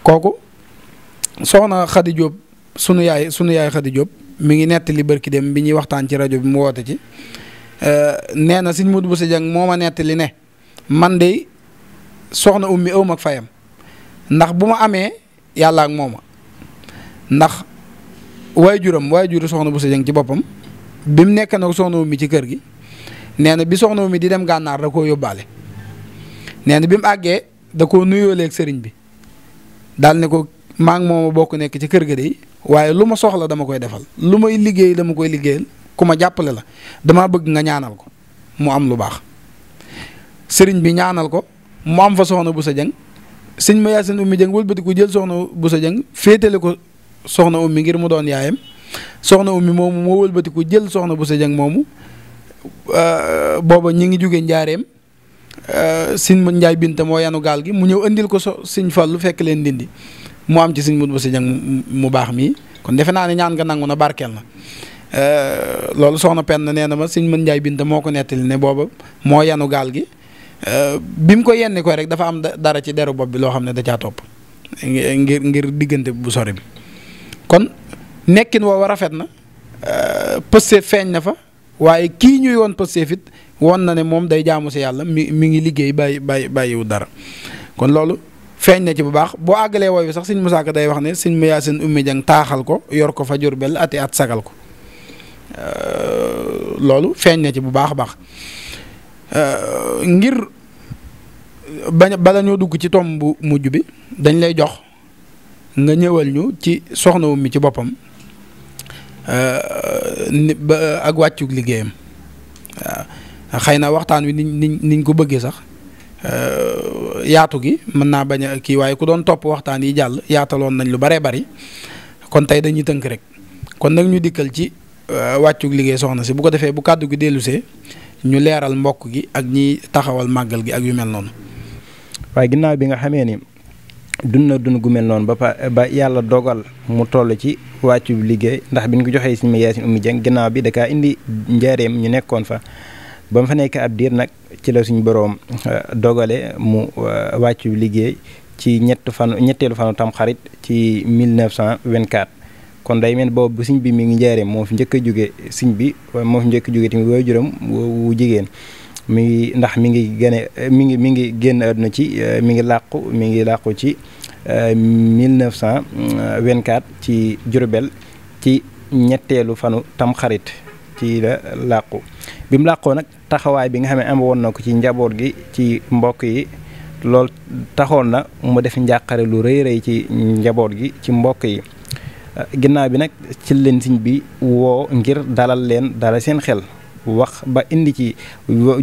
kooku soxna xadi Diop sunu yaay sunu yaay Khady Diop mi ngi nettali barki dem bi ñuy waxtaan ci rajo bi mu woote ci nee na sëñ Modou Boussa Dieng moo ma nettali ne man de soxna ummi ëw mag fayam ndax bu ma amee yàlla ak mooma ndax waajuram waajuru soxna bu Boussa jëng ci boppam bi mu nekk nag soxna ummi ci kër gi. nee na bi soxna mi di dem gànnaar da koo yóbbaale nee na bi mu àggee da koo nuyooleeg sëriñ bi dal ne ko maa ngi moom bokk nekk ci kër ga de waaye lu ma soxla dama koy defal lu may liggéey dama koy liggéeyal ku ma jàppale la damaa bëgg nga ñaanal ko mu am lu baax sëriñ bi ñaanal ko mu am fa soxna bu sa jëng sëñ ma yaasin ummi jëng wëlbati jël soxna bu sa féetale ko soxna ummi ngir mu doon yaayam soxna ummi moomu moo jël soxna bu sa jëng moomu Euh, booba ñi ngi jóge njaareem euh, sëñ mën njaay binta moo yanu gaal gi mu ñëw indil ko so sëñ lu fekk leen dindi mu am ci sëñ mut ba si mu baax mii kon defe naa ne ñaan nga nangu na barkeel na euh, loolu soxna Penn nee na ma sëñ mën njaay binta moo ko nettali ne booba moo yanu gaal gi bi mu ko yenni ko rek dafa am dara ci deru bopp bi loo xam ne da caa topp ngir ngir diggante bu sori bi kon nekkin woowa rafet na pëste feeñ na fa waaye kii ñuy woon Pastef it woon na ne moom day jaamu si yàlla mi mi ngi liggéey bàyyi bàyyi bàyyiwu dara kon loolu feeñ na ci bu baax boo àggalee wooy sax sëñ Musaa Ka day wax ne sëñ mu seen ummi jang taaxal ko yor ko fa Jurbel ati at sagal ko euh, loolu feeñ na ci bu baax a baax euh, ngir ba bala ñoo dugg ci tomb bu mujj bi dañ lay jox nga ñëwal ñu ci soxna mi ci boppam Euh, ni ba ak wàccug liggéeyam waaw xëy na waxtaan wi ni ni niñ ko bëggee sax euh, yaatu gi mën naa bañ a kii waaye ku doon topp waxtaan yi jàll yaataloon nañ lu baree bari kon tey dañuy tënk rek kon nag ñu dikkal ci euh, wàccug liggéey soxna si bu ko defee bu kàddu gi dellusee ñu leeral mbokk gi ak ñiy taxawal màggal gi ak yu mel noonu. waaye ginnaaw bi nga xamee ni dund na dund gu mel noonu ba pa ba yàlla dogal mu toll ci wàccu liggéey ndax bi ñu ko joxee si Yaasin Oumy Dieng ginnaaw bi da kaa indi njaareem ñu nekkoon fa. ba mu fa nekk ab diir nag ci la suñu boroom euh, dogale mu euh, wàccu liggéey ci ñett fan ñetteelu fanu tam xarit ci 1924. kon day mel boobu bu siñ bi mi ngi njaareem moo fi njëkk a jóge siñ bi moo fi njëkk a jóge tamit waajuram wu jigéen. mi ngi ndax mi ngi gene mi ngi mi ngi génn àdduna ci euh, mi ngi làqu mi ngi làqu ci 1924 euh, ci Jurbel ci ñetteelu fanu tamxarit ci la làqu bi mu làqoo nag taxawaay bi nga xam ne am woon na ko ci njaboot gi ci mbokk yi loolu taxoon na mu def njàqare lu rëy rëy ci njaboot gi ci mbokk yi euh, ginnaaw bi nag ci leen siñ bi woo ngir dalal leen dalal seen xel wax ba indi ci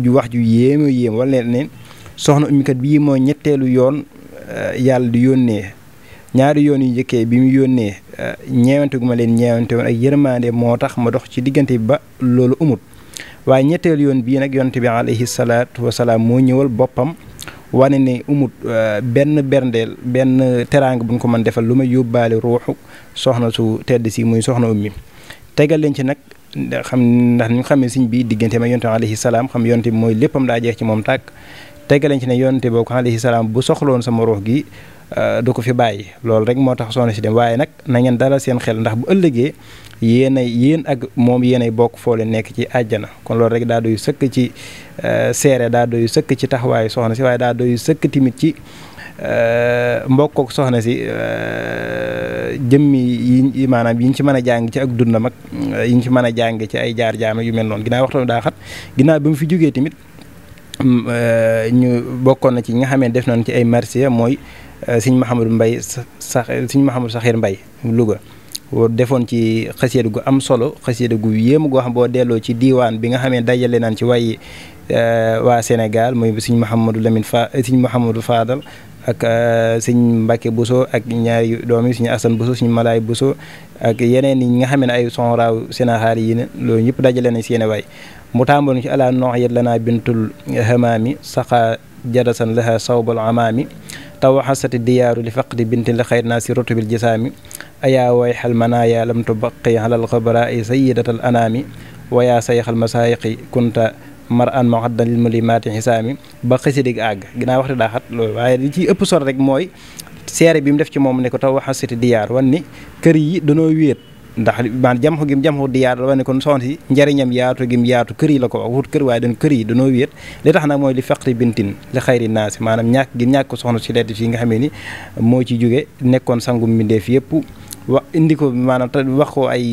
wax ju yéeme yéem wala ne soxna ummi kat bii mooy ñetteelu yoon euh, yàlla di yónnee ñaari yoon yu njëkkee bi mu yónnee euh, ñeewante gu ma leen ñeewante ak yërmande moo tax ma dox ci diggante bi ba loolu umut waaye ñetteelu yoon bii nag yonte bi alayhi salaatu wasalaam moo ñëwal boppam wane ne umut euh, benn berndeel benn teraanga bu ñu ko mën defal lu ma yóbbaale ruuxu soxna su tedd si muy soxna ummi tegal ci nag xam ndax ni ñu xamee sëñ bi diggante ma yonte alayhi salaam xam yonte bi mooy léppam daa jeex ci moom tàkk teggalañ ci ne yonte boo ko alayhi bu soxloon sama ruux gi euh, du ko fi bàyyi loolu rek moo tax soxna si dem waaye nag na ngeen dalal seen xel ndax bu ëllëgee yéen ay yéen ak moom yéen ay bokk foo leen nekk ci àjjana kon loolu rek daa doy sëkk ci euh, seere daa doy sëkk ci taxawaayu soxna si waaye daa doy sëkk timit ci Euh, mbokk ak soxna si euh, jëmmi yi maanaam yi ñu ci mën a jàng ci ak dundam mag euh, yi ñu ci mën a jàng ci ay jaar jaama yu mel noonu ginnaaw waxtu daa xat ginnaaw bi mu fi jógee tamit mm, ñu bokkoon na ci ñi nga xam def nañ ci ay marché mooy sëñ Mahamadou Mbaye sax sëñ Mahamadou Saxir Mbaye Louga defoon ci xasida gu am solo xasida gu yéem goo xam boo delloo ci diiwaan bi nga xamee dajale naan ci waaye waa Sénégal mooy sëñ Mouhamadou Lamine Fa sëñ Mouhamadou Fadal ak euh, suñ Mbacke Bousso ak ñaari doom yi suñu Assane Bousso suñu Malaay Bousso ak yeneen yi nga xam ne ay son raaw sénaxaar yi ne loolu ñëpp dajale nañ seen waay mu tàmbaloon ci alaa noox yet lanaa bintul hamaami saxaa jadasan laha sawbal amaami taw xasati diyaaru li faqdi bintin la xayr naa si rotubil jisaami ayaa way xal manaaya lam tubaqi xalal xabara ay sayidatal anaami wayaa say xal masaayiqi kunta mar an moo xat dalil mulimaati xisaami ba xësidig àgg ginnaaw waxtu daa xat loolu waaye li ci ëpp solo rek mooy seere bi mu def ci moom ne ko taw waxa siti diyaar wan ni kër yi danoo wéet ndax man jam gim jam xu diyaar la wan ne kon soxna si njariñam yaatu gim yaatu kër yi la ko wax wut kër waaye dañ kër yi danoo wéet li tax nag mooy li faqri bintin li xayri naasi maanaam ñàkk gi ñàkk soxna si leet fii nga xamee ni moo ci jóge nekkoon sangum mbindeef yëpp wax indi ko maanaam wax ko ay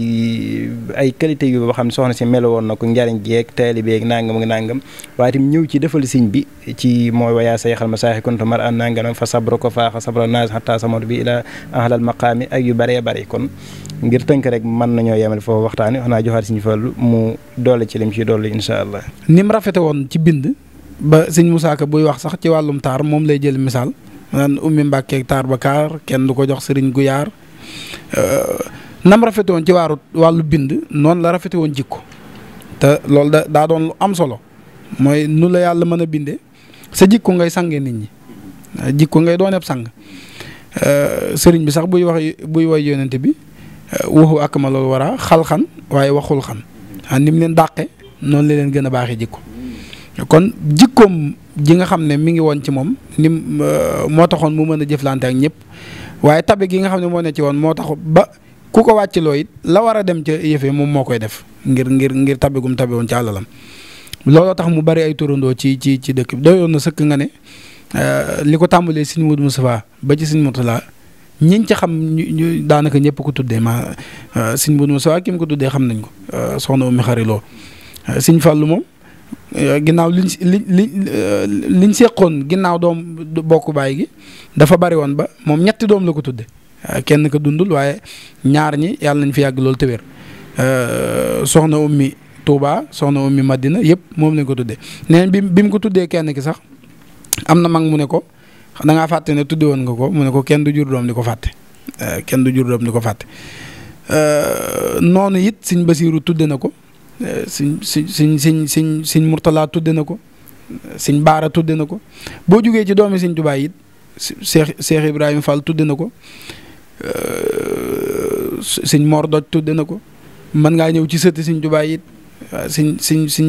ay qualité yu boo xam ne soxna si melo woon na ko njariñ jeeg taali beeg nangam ak nangam waaye itam ñëw ci defal siñ bi ci mooy sa sayxal ma saaxi kon mar a nangam fa sabro ko faaxa sabro naas xataa samot bi ila ahlal maqaami ak yu bëree bëri kon ngir tënk rek mën nañoo yemal foofu waxtaani xanaa joxaat siñ fallu mu doole ci lim ciy dolli incha allah ni mu rafete woon ci bind ba sëñ Moussa Ka buy wax sax ci wàllum taar moom lay jël misaal naan ummi Mbàkke taar ba kaar kenn du ko jox sëriñ Guyaar Euh, nam rafete woon ci waaru wàllu bind noonu la rafete woon jikko te loolu da daa doon lu am solo mooy nu la yàlla mën a bindee sa jikko ngay sange nit ñi jikko ngay doon ab sang euh, sëriñ bi sax buy wax buy woy yonent bi euh, waxu ak ma loolu war a xal-xan waaye waxul xan ni mu leen dàqe noonu la leen gën a baaxe jikko kon jikkoom ji nga xam ne mi ngi woon ci moom ni euh, moo taxoon mu mën a jëflante ak ñëpp waaye tabe gi nga xam ne moo ne ci woon moo tax ba ku ko wàcc loo it la war a dem ca yëfe moom moo koy def ngir ngir ngir tabe gum tabe woon ci àllalam looloo tax mu bari ay turandoo ci ci ci dëkk bi doyoon na sëkk nga ne euh, li ko tàmbalee Sëñ Mudu Mustafaa ba ci Sëñ Murtala ñiñ ca xam ñu daanaka ñëpp ko tuddee ma euh, Sëñ Mudu Mustafaa ki mu ko tuddee xam nañ ko soxna Umi Xari Lo Sëñ Fallu moom Euh, ginnaaw li li liñ liñ euh, séqoon ginnaaw doom bokku baay gi dafa bari woon ba moom ñetti doom la ko tudde euh, kenn ko dundul waaye ñaar ñi yàlla nañ fi yàgg loolu te wér soxna ummi Touba soxna ummi Madina yëpp moom lañ ko tuddee nee bi bi mu ko tuddee kenn ki sax am na mag mu ne ko da ngaa fàtte ne tudde woon nga ko mu ne ko kenn du jur doom di ko fàtte kenn du jur doom di ko fàtte noonu it Sëñ Basiiru tudde na ko. sëñ sëñ sëñ sëñ sëñ sëñ Mourtala tudde na ko sëñ Baara tudde na ko boo jugee ci doomi sëñ Tuubaa it Seex Seex Ibrahima Fall tudde na ko euh, sëñ Mor Doj tudde na ko mën ngaa ñëw ci sëti sëñ Tuubaa it sëñ sëñ sëñ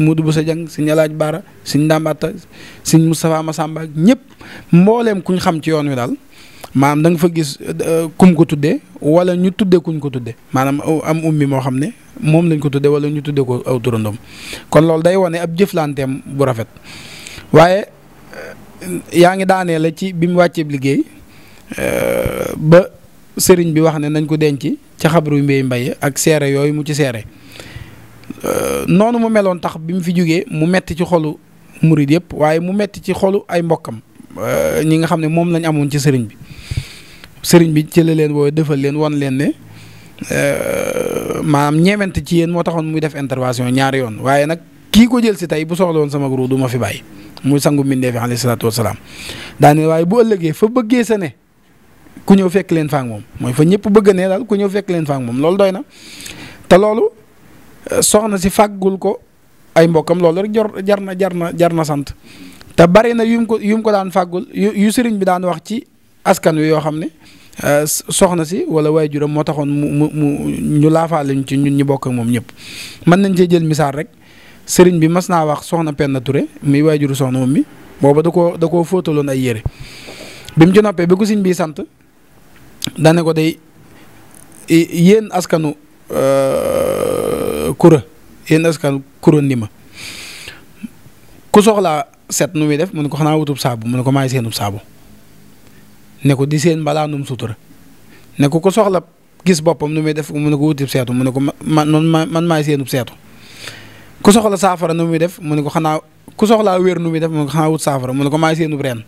Muudu Busa Jang sëñ Alaaj Baara sëñ Ndambatta sëñ ma Massamba ñëpp mbooleem kuñ xam ci yoon wi daal maanaam da nga fa gis euh, kum ko tuddee wala ñu tuddee kuñ ko tudde maanaam am ummi moo xam ne moom lañ ko tuddee wala ñu tuddee ko aw turandoom kon loolu day wane ab jëflanteem bu rafet waaye euh, yaa ngi daanee la ci bi mu wàccee liggéey euh, ba sëriñ bi wax ne nañ ko denc ci xabru mbéy mbay ak seere yooyu mu ci seere noonu mu meloon tax bi mu fi jógee mu metti ci xolu murid yëpp waaye mu metti ci xolu ay mbokkam ñi nga xam ne moom lañ amoon ci sëriñ bi sëriñ bi ci la leen woo defal leen wan leen ne euh, maanaam ñemente ci yéen moo taxoon muy def intervention ñaari yoon waaye nag kii ko jël si tey bu soxla woon sama groupe du ma fi bàyyi muy sangu mbindee fi alayhi salaatu wasalaam waaye bu ëllëgee fa bëggee sa ku ñëw fekk leen faang moom mooy fa ñëpp bëgg ne daal ku ñëw fekk leen faang moom loolu doy na loolu euh, soxna si fàggul ko ay mbokkam loolu rek jar na jar na jar na sant te bari na yu ko yu ko daan fàggul yu sëriñ bi daan wax ci. askan wi yoo xam ne euh, soxna si wala waay juram moo taxoon mu mu mu ñu laafaale ñu ci ñun ñu bokk moom ñëpp. mën nañ cee jël misaal rek sëriñ bi mas naa wax soxna penn ture muy waay juru soxna moom mi booba da koo da koo fóotaloon ay yére bi mu ci noppee bi ko sëriñ bi sant dane ko day yéen askanu euh, kura yéen askanu kura ndima ku soxlaa set nu muy def mu ne ko xanaa wutub saabu mu ne ko maay seenub saabu. ne ko di seen mbalaanum sutura ne ku ko soxla gis boppam nu muy def mu ne ko wutib seetu mu ne ko man man man maay seenub seetu ku soxla saafara nu muy def mu ne ko xanaa ku soxlaa wér nu muy def mu ne ko wut saafara mu ne ko maay seenub reen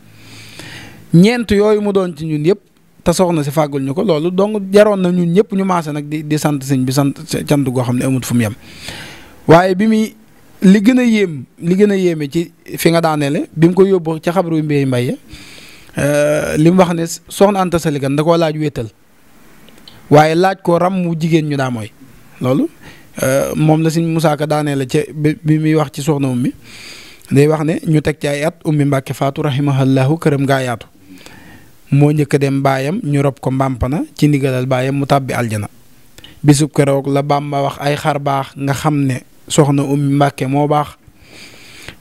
ñeent yooyu mu doon ci ñun yëpp te soxna si fàggul ñu ko loolu donc jaroon na ñun ñëpp ñu maase nag di di sant sëñ bi sant cant goo xam ne amut fu mu yem waaye bi muy li gën a yéem li gën a yéeme ci fi nga daaneele bi mu ko yóbbu ca xabru mbéy mbay Euh, li mu wax ne soxna Anta Sali Kane da koo laaj wéetal waaye laaj ko ram mu jigéen ñu daa mooy loolu euh, moom la sëñ Moussa Ka daanee la ca bi muy wax ci soxna ummi day wax ne ñu teg ci ay at ummi Mbàkke faatu rahimahallahu këram gaa yaatu moo njëkk dem baayam ñu rob ko mbàmpana ci ndigalal baayam mu tàbbi aljana bisub keroog la Bàmba wax ay xar baax nga xam ne soxna ummi Mbàkke moo baax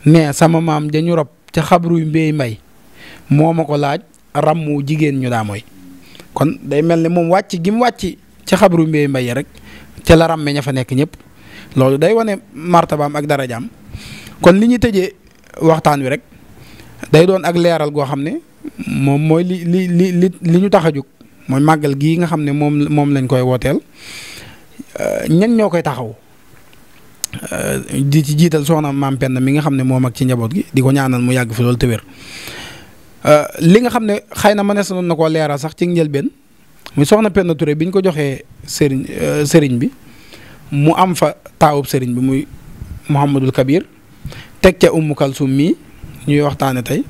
ne sama maam dañu rob ca xabruy mbéy mbay moom ma ko laaj ràmmu jigéen ñu daa mooy kon day mel ni moom wàcc gi wàcc ci xabru mbéy mbay rek ca la ràmme ña fa nekk ñépp loolu day wane martabaam ak darajaam kon li ñu tëjee waxtaan wi rek day doon ak leeral goo xam ne moom mooy li li li li li tax a jóg màggal gii nga xam ne moom moom lañ koy wooteel euh, ñen ñoo koy taxaw euh, di ci jiital soxna maam Penda mi nga xam ne moom ak ci njaboot gi di ko ñaanal mu yàgg fi loolu te Euh, li nga xam ne xëy na ma mënees noonu na koo leeral sax ci njëlbeen muy soxna Penda ture bi ñu ko joxee sëriñ euh, sëriñ bi mu am fa taawub sëriñ bi muy Mouhamadul Kabir teg ca Umu Kalsum mii ñuy waxtaane tey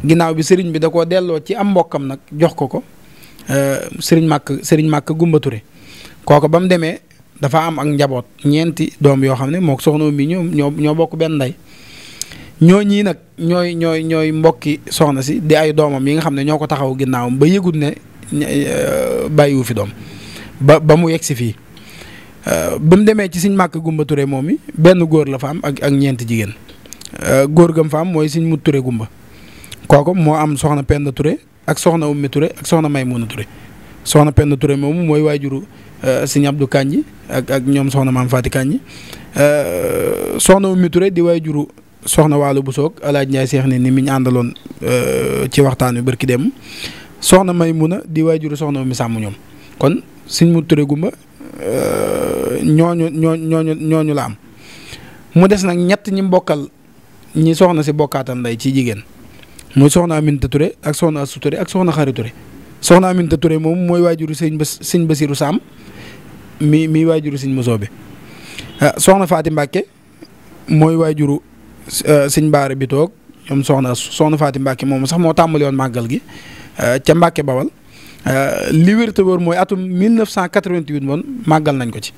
ginnaaw bi sëriñ bi da koo delloo ci am mbokkam nag jox ko ko euh, sëriñ màkk sëriñ màkk Gumba ture kooku ba mu demee dafa am ak njaboot ñeenti doom yoo xam ne moo soxna mi ñoo ñoo bokk benn ndey ñoo ñii nag ñooy ñooy ñooy mbokki soxna si di ay doomam yi nga xam ne ñoo ko taxaw ginnaawam ba yëgut ne eh, bàyyiwu fi doom ba ba mu yegg si fii euh, ba mu demee ci siñ màkk gumba Touré moom mi benn góor la fa am ak ak ñeenti jigéen euh, góor gam fa am mooy siñ mu ture gumba kooku moo am soxna Penda Touré ak soxna Ummi Touré ak soxna Maymuna Touré soxna Penda Touré moomu mooy waajuru euh, siñ Abdou Kanji ak ak ñoom soxna maam Faati Kanji soxna Ummi Touré di waajuru soxna Waalo bu soog alaaj Ndiaye seex ne ni mi ñu àndaloon euh, ci waxtaan wi barki dem soxna may Maymuna di waajuru soxna mi sàmm ñoom kon suñ mu turé gumba euh, ñooñu ñooñu ñooñu la am mu des nag ñett ñi mbokkal ñi soxna si bokkaatal nday ci jigéen muy soxna Aminta Touré ak soxna Astou ak soxna Xari Touré soxna Aminta Touré moom mooy waajuru sëñ ba sëñ Basiru Saam mi mi waajuru sëñ Mosoobe ah, soxna Faati Mbàkke mooy waajuru Euh, sëñ Baara bi toog ñoom soxna soxna Faati Mbàkke moomu sax moo tàmbali woon màggal gi euh, ca Mbàkke Bawal euh, li wér te mooy atum 1988 moom màggal nañ ko ci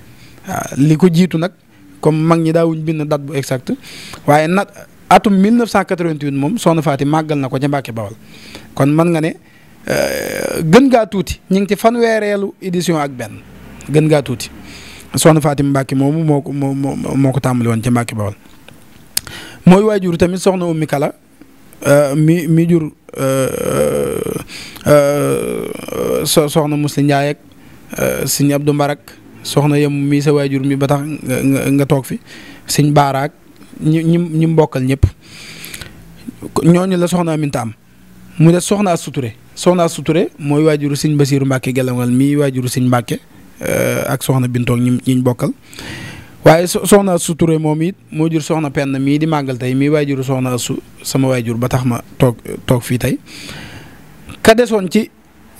waaw li ko jiitu nag comme mag ñi daawuñ bind date bu exacte waaye nat atum 1988 moom soxna Faati màggal na ko ca Mbàkke Bawal kon mën nga ne gën gaa tuuti ñu ngi ci fanweereelu édition ak benn gën gaa tuuti soxna Faati Mbàkke moomu moo ko moo ko tàmbali woon ca Mbàkke Bawal mooy waajur tamit soxna Oumy Kala euh, mi mi jur euh, euh, so soxna Moussa Ndiaye ak sëñ Abdou Mbarak soxna yem mi sa waajur mi ba tax nga toog fi sëñ baaraak ñi ñi ñi mbokkal ñëpp ñooñu la soxna Aminta am mu des soxna Suture soxna Suture mooy waajuru sëñ Basiiru Mbàkke Gelongal mii waajuru sëñ Mbàkke ak soxna Bintoog ñi ñu bokkal waaye soxna Astou ture moom it moo jur soxna Penda mii di màggal tey mii waajuru soxna Astou sama waajur ba tax ma toog toog fii tey ka desoon ci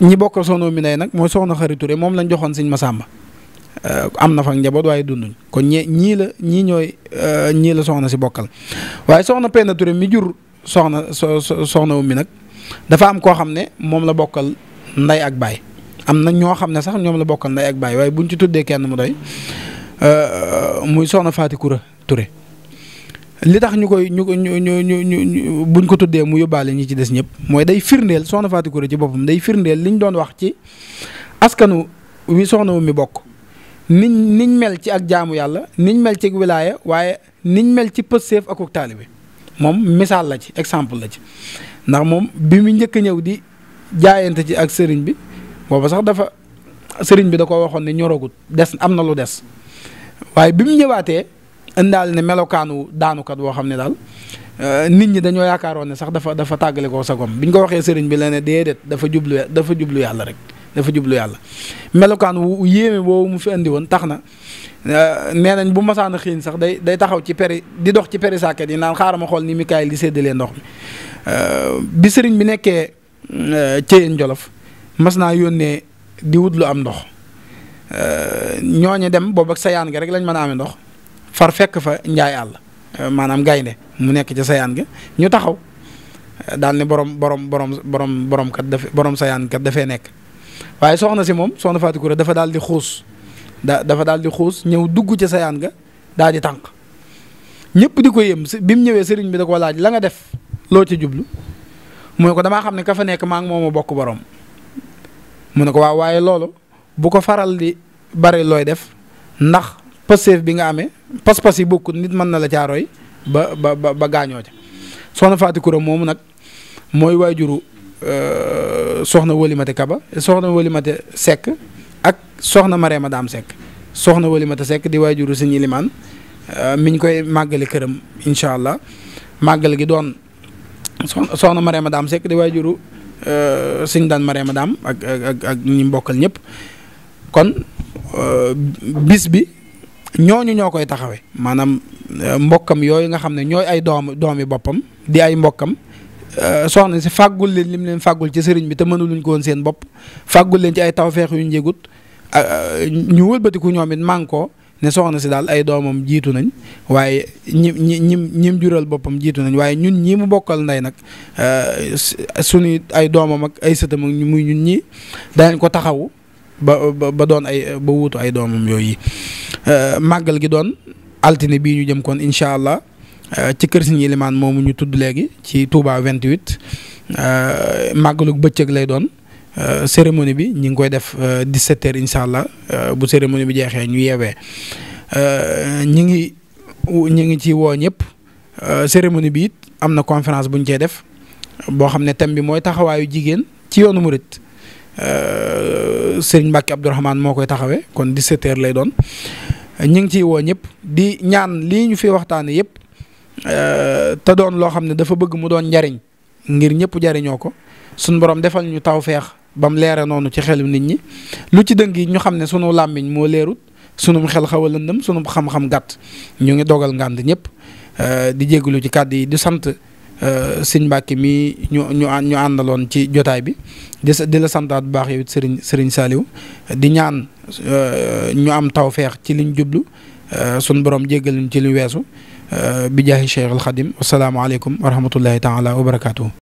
ñi bokk soxna mi nay nag mooy soxna Xari Touré moom lañ joxoon ma Masamba euh, am na fa njaboot waaye dunduñ kon ñee ñii la ñii ñooy euh, ñii la soxna si bokkal waaye soxna Penda ture mi jur soxna soxna wu mi nag dafa am koo xam ne moom la bokkal ndey ak baay am na ñoo xam ne sax ñoom la bokkal nday ak baay waaye buñ ci tuddee kenn mu doy. Euh, euh, muy soxna Faati Koura Touré li tax ñu koy ñu ñu ñu ñu buñ ko tuddee mu yóbbaale ñi ci des ñëpp mooy day firndeel soxna Faati Koura ci boppam day firndeel liñ doon wax ci askanu wi soxna mi bokk. niñ niñ mel ci ak jaamu yàlla niñ mel ci wilaaya waaye niñ mel ci pësseef ak taalibe moom misaal la ci exemple la ci ndax moom bi mu njëkk a ñëw di jaayante ci ak sëriñ bi booba sax dafa sëriñ bi da ko waxoon ni ñoragut des am na lu des waaye bi mu ñëwaatee indaal ne melokaanu daanukat woo xam ne daal euh, nit ñi dañoo yaakaaroon ne sax dafa dafa tàggale koo sagom bi ñu ko waxee sëriñ bi la ne déedéet dafa jublu dafa jublu yàlla rek dafa jublu yàlla melokaan wu yéeme boobu mu fi andi woon tax na euh, nee nañ bu masaan a xiin sax day day taxaw ci peri di dox ci peri sàkket yi naan xaaral ma xool ni Mikaayil di séddalee ndox mi euh, bi sëriñ bi nekkee Ceyeen Jolof mas naa yónnee di wutlu am ndox Euh, ñooñu dem boobu ak sayaan ga rek lañ mën a ame ndox far fekk fa njaay àll euh, maanaam gaynde mu nekk ci sayaan ga ñu taxaw euh, daal ne boroom boroom boroom borom kat daf borom sayaan kat dafee nekk waaye soxna si moom soxna Fatou Kouré dafa daal di xuus da dafa daal di xuus ñëw dugg ci sayaan ga daal di tànk ñëpp di ko yëm bi mu ñëwee sëriñ bi da koo laaj la nga def loo ci jublu mu ne ko damaa xam ne kafa nekk maa ngi moom a bokk borom mu ne ko waaw waaye loolu bu ko faral di bari looy def ndax pësteef bi nga amee pas-pas yi bokkut nit mën na la caarooy ba ba ba gaañoo ca soxna Faati Koura moomu nag mooy waajuru euh, soxna Wëlimate Kaba soxna Wëlimate sekk ak soxna Marème Dame Seck soxna Wëlimate Seck di waajuru sëñ Ilimaan euh, miñ koy màggale këram incha allah màggal gi doon soxna Marème Dame Seck di waajuru euh, sëñ daan Marème Dame ak ak mbokkal ñëpp. kon euh, bis bi ñooñu ñoo koy taxawee maanaam euh, mbokkam yooyu nga xam ne ñooy ay doom doomi boppam di ay mbokkam euh, soxna si fàggul leen lim leen fàggul ci sëriñ bi te mënuluñ ko woon seen bopp fàggul leen ci ay tawfeex yu njëgut ñu wëlbatiku ñoomit it mànkoo ne soxna si daal ay doomam jiitu nañ waaye ñi ñi ñim ñim jural boppam jiitu nañ waaye ñun ñii mu bokkal ndey nag suñu ay doomam ak ay sëtam ak muy ñun ñii danañ ko taxawu. ba ba doon ay ba wuutu ay doomam yooyu eh, màggal gi doon altine bii ñu jëm koon incha allah eh, ci kër Sëriñ Ilimaan moomu ñu tudd léegi ci Touba 28 eh, màggalug bëccëg lay doon. cérémonie bi ñu ngi koy def 17 heures incha allah bu cérémonie bi jeexee ñu yeewee ñu ngi ñi ngi ci woo ñëpp cérémonie bi it am na conférence buñ cee def boo xam ne thème bi mooy taxawaayu jigéen ci yoonu murit Euh, sëriñ Mbacke Abdourahmane moo koy taxawee kon di h lay doon ñu ngi ciy woo ñëpp di ñaan lii ñu fi waxtaanee yëpp euh, te doon loo xam ne dafa bëgg mu doon njariñ ngir ñëpp jariñoo ko suñ borom defal ñu tawféex ba mu leere noonu ci xelu nit ñi lu ci dëng yi ñu xam ne sunu làmmiñ moo leerut sunum xel xaw a lëndëm sunum xam-xam gàtt ñu ngi dogal ngànd ñëpp euh, di jégalu ci kàddu yi di sant. Euh, sëñ Mbacke mi ñu ñu ñu àndaloon ci jotaay bi di di la santaat bu baax yow it sëriñ sëriñ Saliou di ñaan euh, ñu am tawféex ci liñ jublu euh, sun borom jéggal ñu ci li weesu bi jaahi Cheikhul Xadim wasalaamaaleykum wa rahmatullahi taala wa barakaatu.